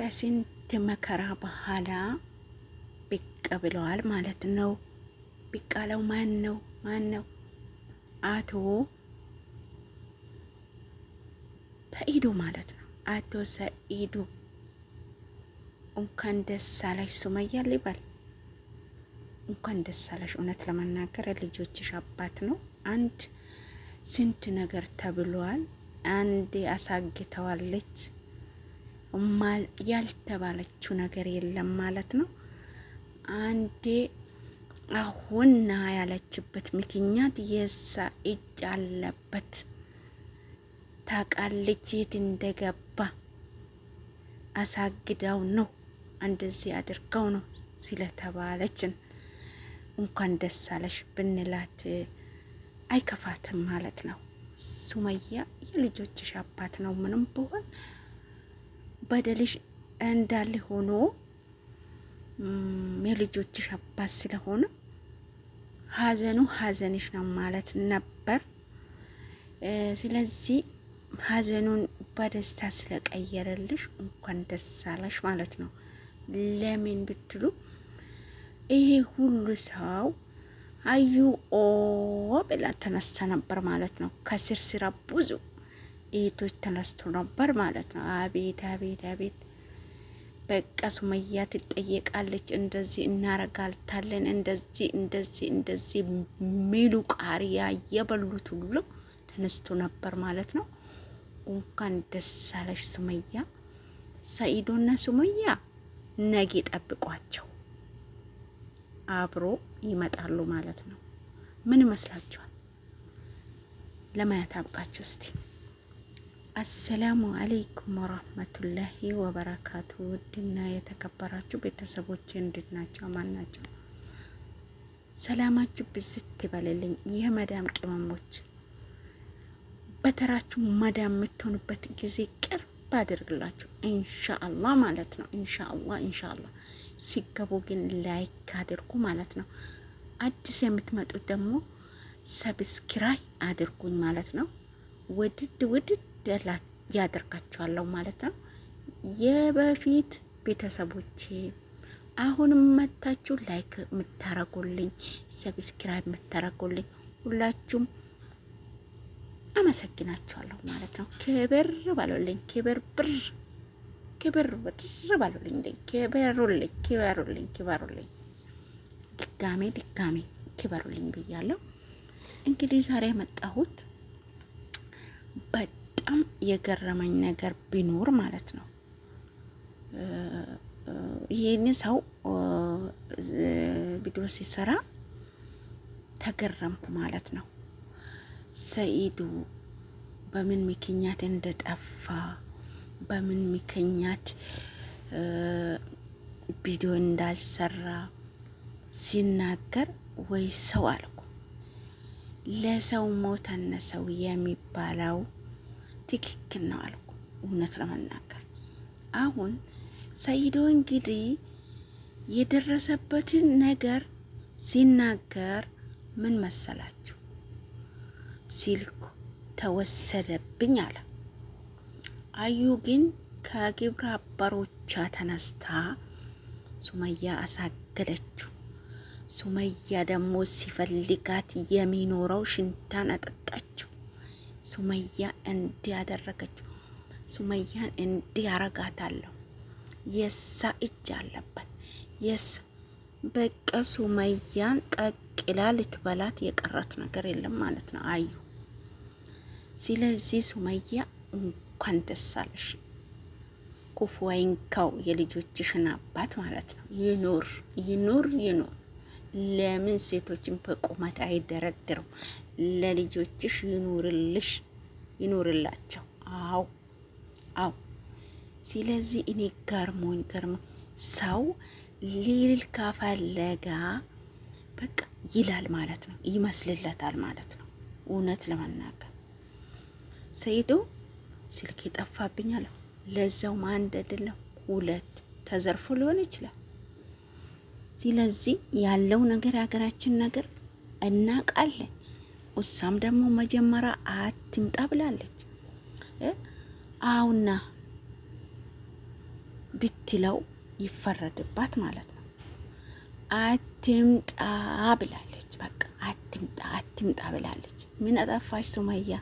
ከስንት መከራ በኋላ ብቅ ብለዋል ማለት ነው። ብቅ አለው ማን ነው? ማን ነው? አቶ ሰኢዱ ማለት ነው። አቶ ሰኢዱ እንኳን ደስ አለሽ ሱመያ ሊባል እንኳን ደስ አለሽ። እውነት ለመናገር ልጆችሽ አባት ነው። አንድ ስንት ነገር ተብሏል። አንድ አሳግተዋለች ያልተባለችው ነገር የለም ማለት ነው። አንዴ አሁን ና ያለችበት ምክንያት የሳ እጅ አለበት። ታቃለች የት እንደገባ አሳግዳው ነው እንደዚህ አድርገው ነው ስለተባለችን እንኳን ደስ አለሽ ብንላት አይከፋትም ማለት ነው። ሱመያ የልጆችሽ አባት ነው ምንም ብሆን በደልሽ እንዳለ ሆኖ የልጆችሽ አባት ስለሆነ ሀዘኑ ሀዘንሽ ነው ማለት ነበር። ስለዚህ ሀዘኑን በደስታ ስለቀየረልሽ እንኳን ደስ አለሽ ማለት ነው። ለምን ብትሉ ይሄ ሁሉ ሰው አዩ ኦ ብላ ተነስተ ነበር ማለት ነው። ከስር ስራ ብዙ እህቶች ተነስቶ ነበር ማለት ነው። አቤት አቤት አቤት በቃ ሱመያ ትጠየቃለች። እንደዚህ እናረጋልታለን እንደዚህ እንደዚህ እንደዚህ ሚሉ ቃሪያ የበሉት ሁሉ ተነስቶ ነበር ማለት ነው። እንኳን ደስ አለሽ ሱመያ። ሰኢዶና ሱመያ ነገ ጠብቋቸው አብሮ ይመጣሉ ማለት ነው። ምን ይመስላችኋል? ለማየት አብቃችሁ እስቲ አሰላሙ አለይኩም ወራህመቱላሂ ወበረካቱ። ውድና የተከበራችሁ ቤተሰቦች እንድናቸው አማን ናቸው። ሰላማችሁ ብዝት ይበልልኝ። የመዳም ቅመሞች በተራችሁ መዳም የምትሆኑበት ጊዜ ቅርብ አድርግላችሁ ኢንሻአላ ማለት ነው። ኢንሻአላ ኢንሻአላ። ሲገቡ ግን ላይክ አድርጉ ማለት ነው። አዲስ የምትመጡት ደግሞ ሰብስክራይ አድርጉኝ ማለት ነው። ውድድ ውድድ ያደርጋቸዋለሁ ማለት ነው። የበፊት ቤተሰቦቼ አሁንም መታችሁ ላይክ የምታረጉልኝ ሰብስክራይብ የምታረጉልኝ ሁላችሁም አመሰግናቸዋለሁ ማለት ነው። ክብር ባሉልኝ፣ ክብር ብር፣ ክብር ብር ባሉልኝ፣ ክበሩልኝ፣ ክበሩልኝ፣ ክበሩልኝ፣ ድጋሜ ድጋሜ ክበሩልኝ ብያለሁ። እንግዲህ ዛሬ የመጣሁት በጣም የገረመኝ ነገር ቢኖር ማለት ነው ይህን ሰው ቪዲዮ ሲሰራ ተገረምኩ ማለት ነው። ሰኢዱ በምን ምክንያት እንደጠፋ በምን ምክንያት ቪዲዮ እንዳልሰራ ሲናገር ወይ ሰው አልኩ ለሰው ሞት አነሰው የሚባለው ትክክል ነው አልኩ። እውነት ለመናገር አሁን ሰይዶ እንግዲህ የደረሰበትን ነገር ሲናገር ምን መሰላችሁ? ስልኩ ተወሰደብኝ አለ። አዩ ግን ከግብረ አበሮቿ ተነስታ ሱመያ አሳገደችው። ሱመያ ደግሞ ሲፈልጋት የሚኖረው ሽንታን አጠጣችው። ሱመያ እንዲህ ያደረገችው ሱመያን እንዲህ ያረጋታለሁ። የሳ እጅ አለበት። የሳ በቃ ሱመያን ቀቅላ ልትበላት የቀረት ነገር የለም ማለት ነው አዩ። ስለዚህ ሱመያ እንኳን ደስ አለሽ። ክፉ አይንካው የልጆችሽን አባት ማለት ነው። ይኑር ይኑር ይኑር። ለምን ሴቶችን በቁመት አይደረድርም? ለልጆችሽ ይኑርልሽ ይኑርላቸው። አው አው። ስለዚህ እኔ ገርሞኝ ገርሞ ሰው ሊል ካፈለጋ በቃ ይላል ማለት ነው፣ ይመስልለታል ማለት ነው። እውነት ለመናገር ሰይዶ ስልክ ይጠፋብኛል ለዛው ለዛውም አንድ አይደለም ሁለት ተዘርፎ ሊሆን ይችላል። ስለዚህ ያለው ነገር የሀገራችን ነገር እናውቃለን። እሷም ደግሞ መጀመሪያ አትምጣ ብላለች። አውና ብትለው ይፈረድባት ማለት ነው። አትምጣ ብላለች። በቃ አትምጣ አትምጣ ብላለች። ምን አጠፋሽ ሱመያ?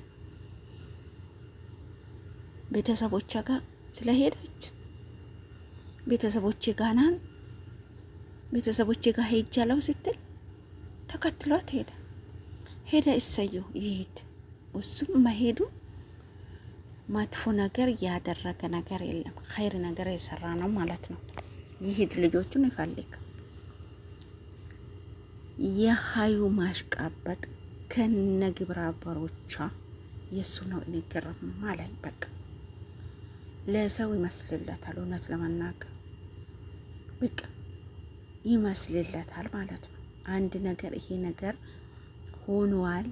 ቤተሰቦቿ ጋር ስለሄደች ቤተሰቦቼ ጋናን ናን ቤተሰቦቼ ጋር ሄጃለሁ ስትል ተከትሏት ሄደ። ሄደ። እሰየው ይሄድ። እሱም መሄዱ መጥፎ ነገር ያደረገ ነገር የለም፣ ኸይር ነገር የሰራ ነው ማለት ነው። ይሄድ፣ ልጆቹን ይፈልግ። የሀዩ ማሽቃበጥ ከነ ግብረ አበሮቿ የእሱ ነው። ንግር ማለት በቃ ለሰው ይመስልለታል። እውነት ለመናገር በቃ ይመስልለታል ማለት ነው። አንድ ነገር ይሄ ነገር ሆኗል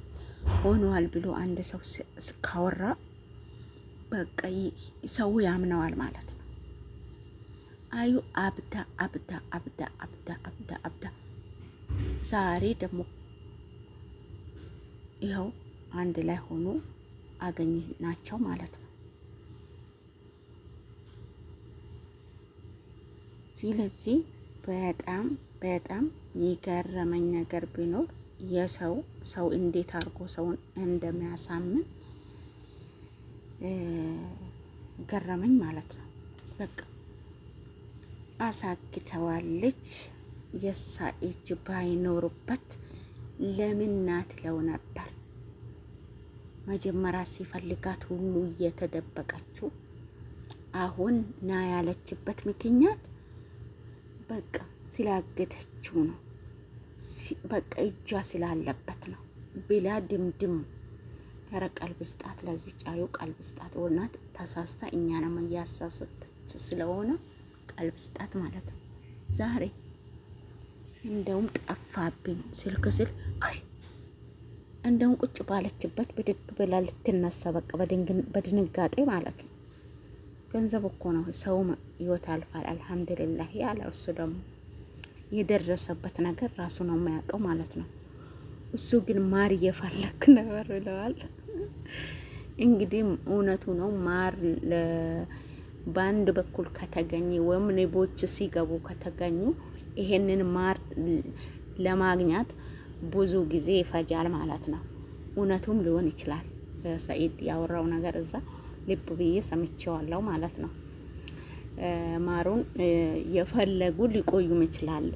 ሆኗል ብሎ አንድ ሰው ስካወራ በቃ ሰው ያምነዋል ማለት ነው። አዩ አብዳ አብዳ አብዳ አብዳ አብዳ አብዳ ዛሬ ደግሞ ይኸው አንድ ላይ ሆኖ አገኝ ናቸው ማለት ነው። ስለዚህ በጣም በጣም የገረመኝ ነገር ቢኖር የሰው ሰው እንዴት አድርጎ ሰውን እንደሚያሳምን ገረመኝ ማለት ነው። በቃ አሳግተዋለች። የሳ እጅ ባይኖርበት ለምን ናት ለው ነበር። መጀመሪያ ሲፈልጋት ሁሉ እየተደበቀችው አሁን ና ያለችበት ምክንያት በቃ ስላገተችው ነው። በቃ እጇ ስላለበት ነው ብላ ድምድም ኧረ ቀልብ ስጣት፣ ለዚህ ጫዩ ቀልብ ስጣት። ወናት ተሳስታ ነው እያሳሰተች ስለሆነ ቀልብ ስጣት ማለት ነው። ዛሬ እንደውም ጠፋብኝ ስልክ ስል አይ እንደውም ቁጭ ባለችበት ብድግ ብላ ልትነሳ በቃ በድንጋጤ ማለት ነው። ገንዘብ እኮ ነው ሰው ህይወት አልፋል። አልሐምዱሊላህ ያለ እሱ ደግሞ የደረሰበት ነገር ራሱ ነው የማያውቀው ማለት ነው። እሱ ግን ማር እየፈለክ ነበር ብለዋል። እንግዲህ እውነቱ ነው። ማር በአንድ በኩል ከተገኘ ወይም ንቦች ሲገቡ ከተገኙ ይሄንን ማር ለማግኛት ብዙ ጊዜ ይፈጃል ማለት ነው። እውነቱም ሊሆን ይችላል። ሰኢድ ያወራው ነገር እዛ ልብ ብዬ ሰምቼዋለሁ ማለት ነው። ማሩን የፈለጉ ሊቆዩም ይችላሉ።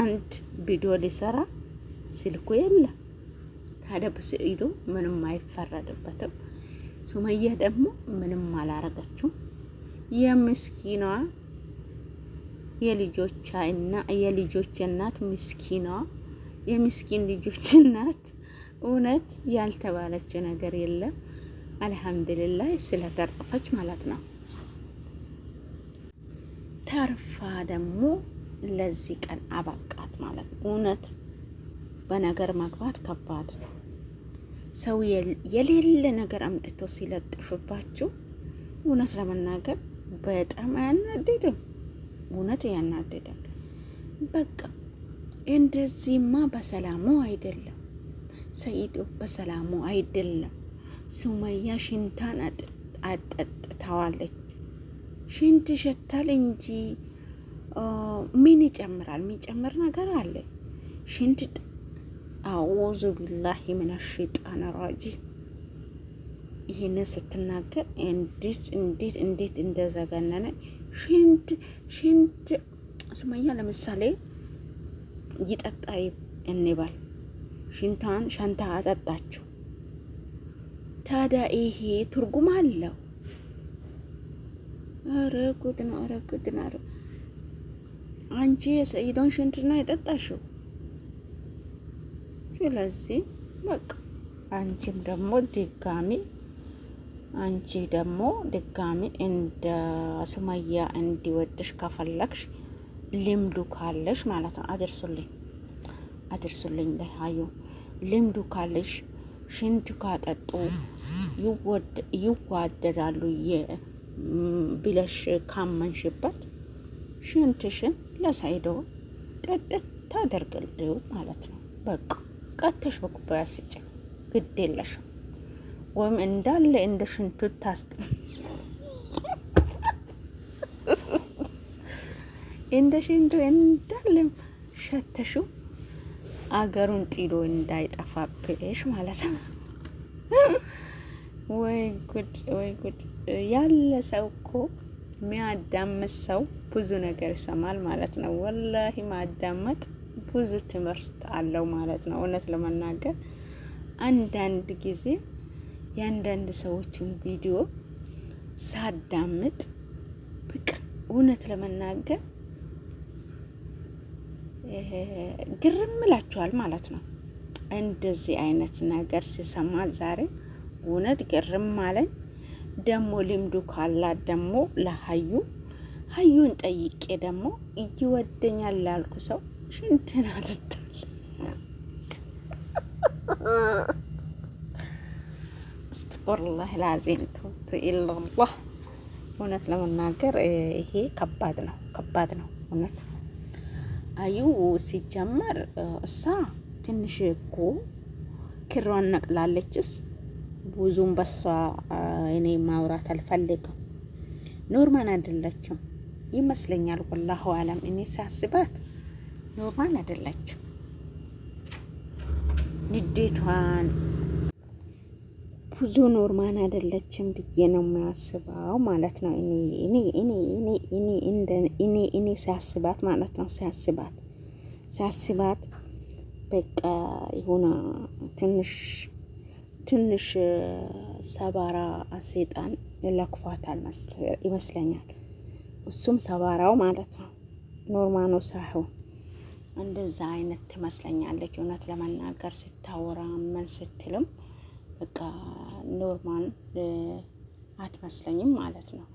አንድ ቪዲዮ ሊሰራ ስልኩ የለም ታዲያ ብስኢዶ ምንም አይፈረድበትም። ሱመያ ደግሞ ምንም አላረገችው የምስኪኗ የልጆቻና የልጆች እናት ምስኪኗ የምስኪን ልጆች እናት እውነት ያልተባለች ነገር የለም። አልሐምዱሊላህ ስለተረፈች ማለት ነው። ተርፋ ደግሞ ለዚህ ቀን አበቃት ማለት ነው። እውነት በነገር መግባት ከባድ ነው። ሰው የሌለ ነገር አምጥቶ ሲለጥፍባችሁ እውነት ለመናገር በጣም አያናድድም? እውነት ያናድዳል። በቃ እንደዚህማ በሰላሙ አይደለም፣ ሰይዶ፣ በሰላሙ አይደለም። ሱመያ ሽንታን አጠጥተዋለች። ሽንት ይሸታል እንጂ ምን ይጨምራል? የሚጨምር ነገር አለ? ሽንት አዑዙ ቢላሂ ምን ሸይጣን ራጂ። ይህንን ስትናገር እንዴት እንዴት እንዴት እንደዘገነነ ሽንት ሽንት ሱመያ ለምሳሌ ይጠጣ እንባል ሽንታን ሸንታ አጠጣችው። ታዲያ ይሄ ትርጉም አለው ኧረ ጉድ ነው! ኧረ ጉድ ነው! ኧረ አንቺ የሰይዶን ሽንት ነው የጠጣሽው። ስለዚህ በቃ አንቺም ደግሞ ድጋሚ አንቺ ደግሞ ድጋሚ እንደ ሱመያ እንዲወድሽ ከፈለግሽ ልምዱ ካለሽ ማለት ነው። አድርሱልኝ አድርሱልኝ ለሀዩ ልምዱ ካለሽ ሽንቱ ካጠጡ ይዋደዳሉ። ብለሽ ካመንሽበት ሽንትሽን ለሳይዶ ጠጥት ታደርግልው ማለት ነው። በቃ ቀተሽ በኩባያ ስጭ፣ ግድ የለሽም ወይም እንዳለ እንደ ሽንቱ ታስጥ እንደ ሽንቱ እንዳለም ሸተሹ አገሩን ጥሎ እንዳይጠፋብሽ ማለት ነው። ወይ ጉድ ወይ ጉድ! ያለ ሰው እኮ የሚያዳምጥ ሰው ብዙ ነገር ይሰማል ማለት ነው። ወላሂ ማዳመጥ ብዙ ትምህርት አለው ማለት ነው። እውነት ለመናገር አንዳንድ ጊዜ የአንዳንድ ሰዎችን ቪዲዮ ሳዳምጥ በቃ እውነት ለመናገር ግርም ላችኋል ማለት ነው። እንደዚህ አይነት ነገር ሲሰማ ዛሬ እውነት ግርም አለኝ። ደግሞ ልምዱ ካላት ደግሞ ለሀዩ ሀዩን ጠይቄ ደግሞ ይወደኛል ላልኩ ሰው ሽንትና ትታል እስተቆርላህ ላዜን ተውቱ ኢላላህ። እውነት ለመናገር ይሄ ከባድ ነው፣ ከባድ ነው እውነት አዩ ሲጀመር እሳ ትንሽ እኮ ክሯን ነቅላለችስ ብዙም በሷ እኔ ማውራት አልፈልግም። ኖርማን አይደለችም ይመስለኛል። ወላሁ አለም እኔ ሳስባት ኖርማን አይደለችም። ንዴቷን ብዙ ኖርማን አይደለችም ብዬ ነው የሚያስበው ማለት ነው። እኔ እኔ ሳስባት ማለት ነው ሳስባት ሳስባት በቃ የሆነ ትንሽ ትንሽ ሰባራ ሰይጣን ለክፏታል ይመስለኛል። እሱም ሰባራው ማለት ነው። ኖርማኖ ሳይሆን እንደዛ አይነት ትመስለኛለች። እውነት ለመናገር ስታወራ ምን ስትልም በቃ ኖርማን አትመስለኝም ማለት ነው።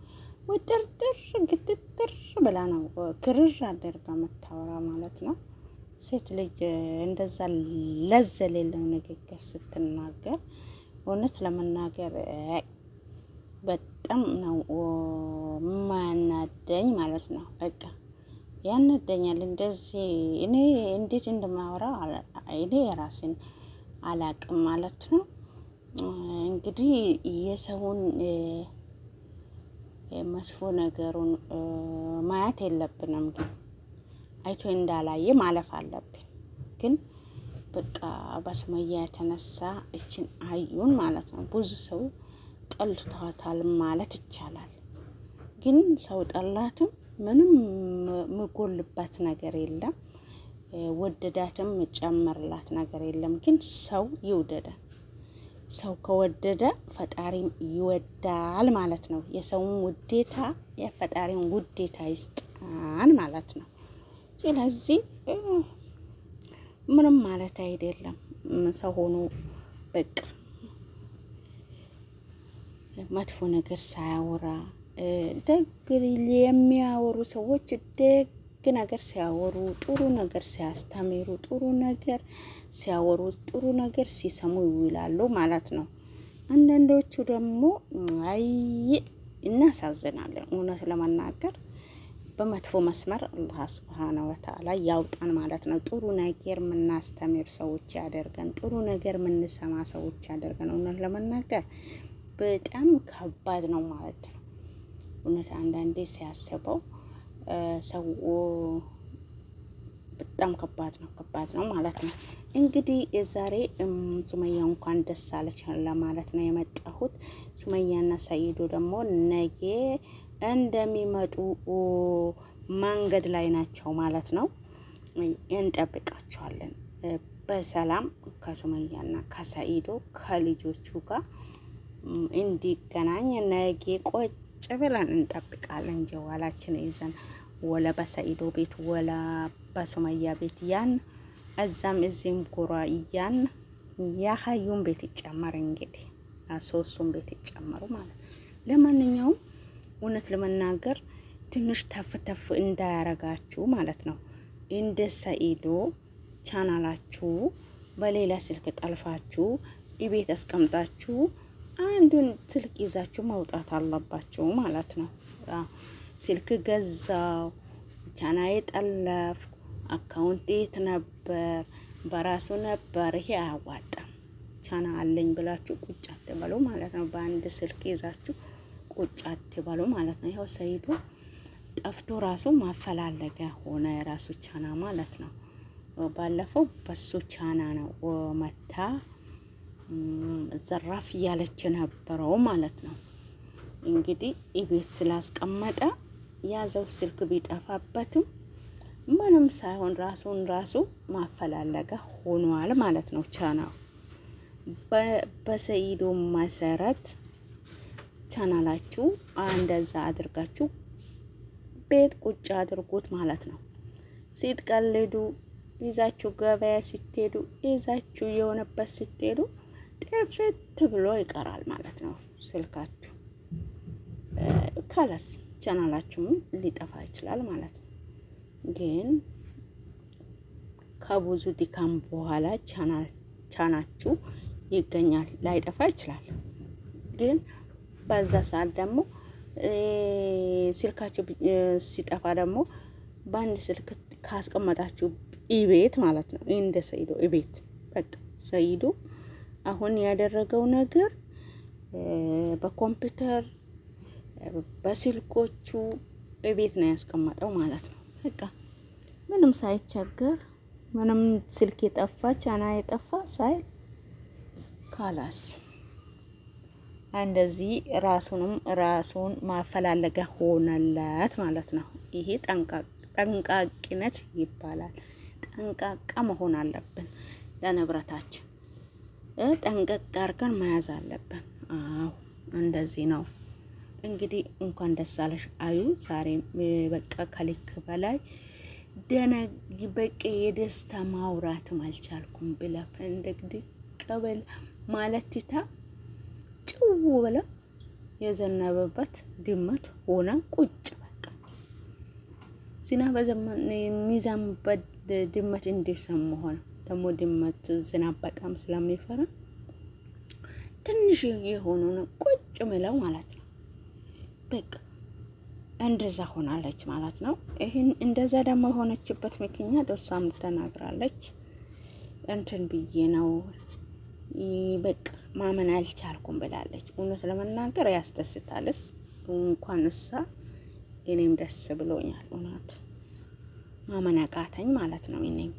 ውጥርጥር ግትጥር ብላ ነው ክርር አደርጋ መታወራ ማለት ነው። ሴት ልጅ እንደዛ ለዝ የሌለው ንግግር ስትናገር እውነት ለመናገር በጣም ነው ማናደኝ ማለት ነው። በቃ ያናደኛል። እንደዚህ እኔ እንዴት እንደማወራ እኔ የራሴን አላቅም ማለት ነው። እንግዲህ የሰውን መጥፎ ነገሩን ማየት የለብንም፣ ግን አይቶ እንዳላየ ማለፍ አለብን ግን በቃ ባስመያ የተነሳ እችን አዩን ማለት ነው ብዙ ሰው ጠልቷታል ማለት ይቻላል። ግን ሰው ጠላትም ምንም ምጎልባት ነገር የለም። ወደዳትም ምጨመርላት ነገር የለም። ግን ሰው ይውደደ። ሰው ከወደደ ፈጣሪም ይወዳል ማለት ነው። የሰውን ውዴታ የፈጣሪን ውዴታ ይስጣን ማለት ነው። ስለዚህ ምንም ማለት አይደለም። ሰው ሆኖ በቃ መጥፎ ነገር ሳያወራ ደግ የሚያወሩ ሰዎች ደግ ነገር ሲያወሩ፣ ጥሩ ነገር ሲያስተምሩ፣ ጥሩ ነገር ሲያወሩ፣ ጥሩ ነገር ሲሰሙ ይውላሉ ማለት ነው። አንዳንዶቹ ደግሞ አይ እናሳዝናለን እውነት ለመናገር በመጥፎ መስመር አላህ ስብሃነ ወተዓላ ያውጣን ማለት ነው። ጥሩ ነገር የምናስተምር ሰዎች ያደርገን፣ ጥሩ ነገር የምንሰማ ሰዎች ያደርገን። እውነት ለመናገር በጣም ከባድ ነው ማለት ነው። እውነት አንዳንዴ ሲያስበው ሰው በጣም ከባድ ነው ከባድ ነው ማለት ነው። እንግዲህ ዛሬ ሱመያ እንኳን ደስ አለች ለማለት ነው የመጣሁት። ሱመያና ሰይዱ ደግሞ ነገ እንደሚመጡ መንገድ ላይ ናቸው ማለት ነው። እንጠብቃቸዋለን በሰላም ከሱመያና ከሰኢዶ ከልጆቹ ጋር እንዲገናኝ ነገ ቆጭ ብለን እንጠብቃለን። ጀዋላችን ይዘን ወለ በሰኢዶ ቤት ወለ በሱመያ ቤት ያን እዛም እዚህም ጉራ እያን ያሀዩን ቤት ይጨመር እንግዲህ ሶስቱን ቤት ይጨመሩ ማለት ለማንኛውም እውነት ለመናገር ትንሽ ተፍ ተፍ እንዳያረጋችሁ ማለት ነው። እንደ ሰኢዶ ቻናላችሁ በሌላ ስልክ ጠልፋችሁ እቤት አስቀምጣችሁ አንዱን ስልክ ይዛችሁ መውጣት አለባችሁ ማለት ነው። ስልክ ገዛው፣ ቻናዬ ጠለፍኩ፣ አካውንት የት ነበር በራሱ ነበር። ይሄ አያዋጣም። ቻና አለኝ ብላችሁ ቁጭ አትበሉ ማለት ነው። በአንድ ስልክ ይዛችሁ ቁጭ አትበሉ ማለት ነው። ይኸው ሰይዱ ጠፍቶ ራሱ ማፈላለገ ሆነ የራሱ ቻና ማለት ነው። ባለፈው በሱ ቻና ነው መታ ዘራፍ እያለች ነበረው ማለት ነው። እንግዲህ ኢቤት ስላስቀመጠ ያዘው ስልክ ቢጠፋበትም ምንም ሳይሆን ራሱን ራሱ ማፈላለገ ሆኗል ማለት ነው። ቻናው በሰይዱ መሰረት ቻናላችሁ እንደዛ አድርጋችሁ ቤት ቁጭ አድርጉት ማለት ነው። ሲትቀልዱ ይዛችሁ ገበያ ስትሄዱ ይዛችሁ የሆነበት ስትሄዱ ጥፍት ብሎ ይቀራል ማለት ነው ስልካችሁ። ከለስ ቻናላችሁም ሊጠፋ ይችላል ማለት ነው። ግን ከብዙ ድካም በኋላ ቻናችሁ ይገኛል። ላይጠፋ ይችላል ግን በዛ ሰዓት ደግሞ ስልካቸው ሲጠፋ ደግሞ በአንድ ስልክ ካስቀመጣችሁ ኢቤት ማለት ነው። እንደ ሰይዶ ኢቤት በቃ ሰይዶ አሁን ያደረገው ነገር በኮምፒውተር በስልኮቹ ኢቤት ነው ያስቀመጠው ማለት ነው። በቃ ምንም ሳይቸገር ምንም ስልክ የጠፋ ቻና የጠፋ ሳይል ካላስ እንደዚህ ራሱንም ራሱን ማፈላለገ ሆነለት ማለት ነው። ይሄ ጠንቃቂነት ይባላል። ጠንቃቃ መሆን አለብን። ለንብረታችን ጠንቀቅ አድርገን መያዝ አለብን። አዎ እንደዚህ ነው። እንግዲህ እንኳን ደስ አለሽ አዩ። ዛሬም በቃ ከልክ በላይ ደነ በቂ የደስታ ማውራትም አልቻልኩም ብለ ፈንደግድ ብል ማለት ትታ ጭው ብላ የዘነበበት ድመት ሆና ቁጭ በቃ። ዝናብ በዘመን የሚዘንብበት ድመት እንዴት ሰው ደግሞ ድመት ዝናብ በጣም ስለሚፈራ ትንሽ የሆኑ ነው ቁጭ ምለው ማለት ነው። በቃ እንደዛ ሆናለች ማለት ነው። ይህን እንደዛ ደግሞ የሆነችበት ምክንያት እሷም ተናግራለች። እንትን ብዬ ነው በቃ ማመን አልቻልኩም ብላለች። እውነት ለመናገር ያስደስታልስ እንኳን እሳ እኔም ደስ ብሎኛል። እውነት ማመን አቃተኝ ማለት ነው። እኔም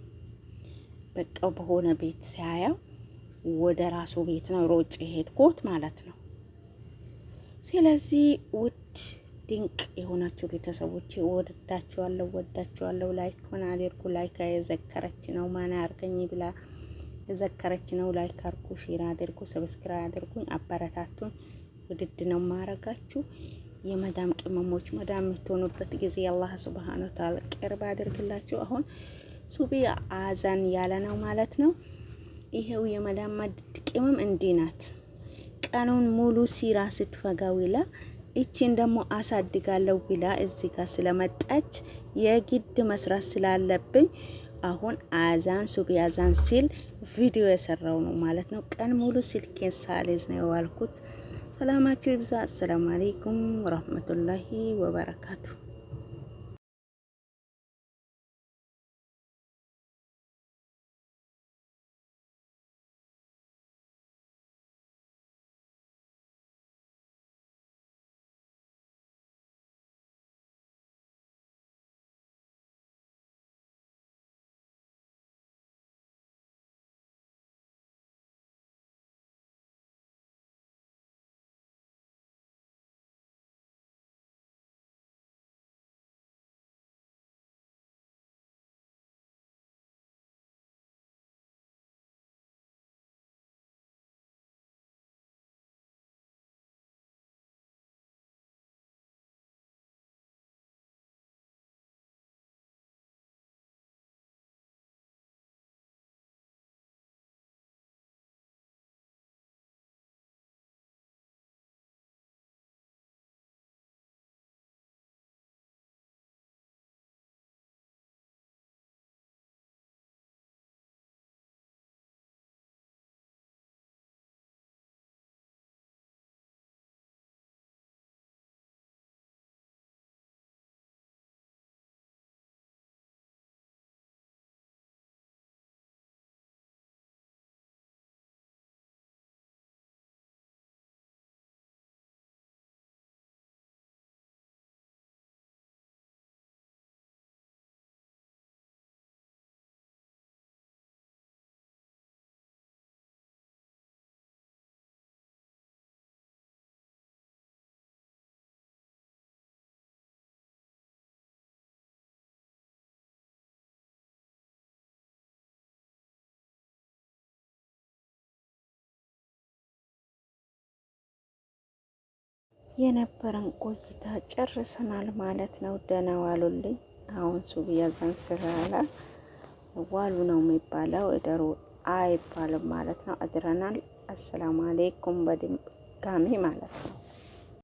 በቃ በሆነ ቤት ሲያየው ወደ ራሱ ቤት ነው ሮጭ ሄድኩት ማለት ነው። ስለዚህ ውድ ድንቅ የሆናችሁ ቤተሰቦች ወዳችኋለሁ፣ ወዳችኋለሁ። ላይክ ሆነ አድርጉ። ላይክ የዘከረች ነው ማን ያርገኝ ብላ የዘከረች ነው። ላይክ አርጉ፣ ሼር አድርጉ፣ ሰብስክራይብ አድርጉኝ፣ አበረታቱን። ውድድ ነው ማረጋችሁ የመዳም ቅመሞች መዳም የምትሆኑበት ጊዜ አላህ ሱብሃነ ወተዓላ ቅርብ አድርግላችሁ። አሁን ሱቢ አዛን ያለ ነው ማለት ነው። ይሄው የመዳም ማድድ ቅመም እንዲህ ናት። ቀኑን ሙሉ ሲራ ስትፈጋ ውላ እቺን ደግሞ አሳድጋለሁ ብላ እዚህ ጋር ስለመጣች የግድ መስራት ስላለብኝ አሁን አዛን ሱብ ያዛን ሲል ቪዲዮ የሰራው ነው ማለት ነው። ቀን ሙሉ ስልኬን ሳልይዝ ነው የዋልኩት። ሰላማችሁ ይብዛ። አሰላሙ አሌይኩም ወረህመቱላሂ ወበረካቱ የነበረን ቆይታ ጨርሰናል ማለት ነው። ደህና ዋሉልኝ። አሁን ሱብያዛን ስላላ ዋሉ ነው የሚባለው፣ እደሩ አይባልም ማለት ነው። አድረናል። አሰላሙ አሌይኩም በድጋሚ ማለት ነው።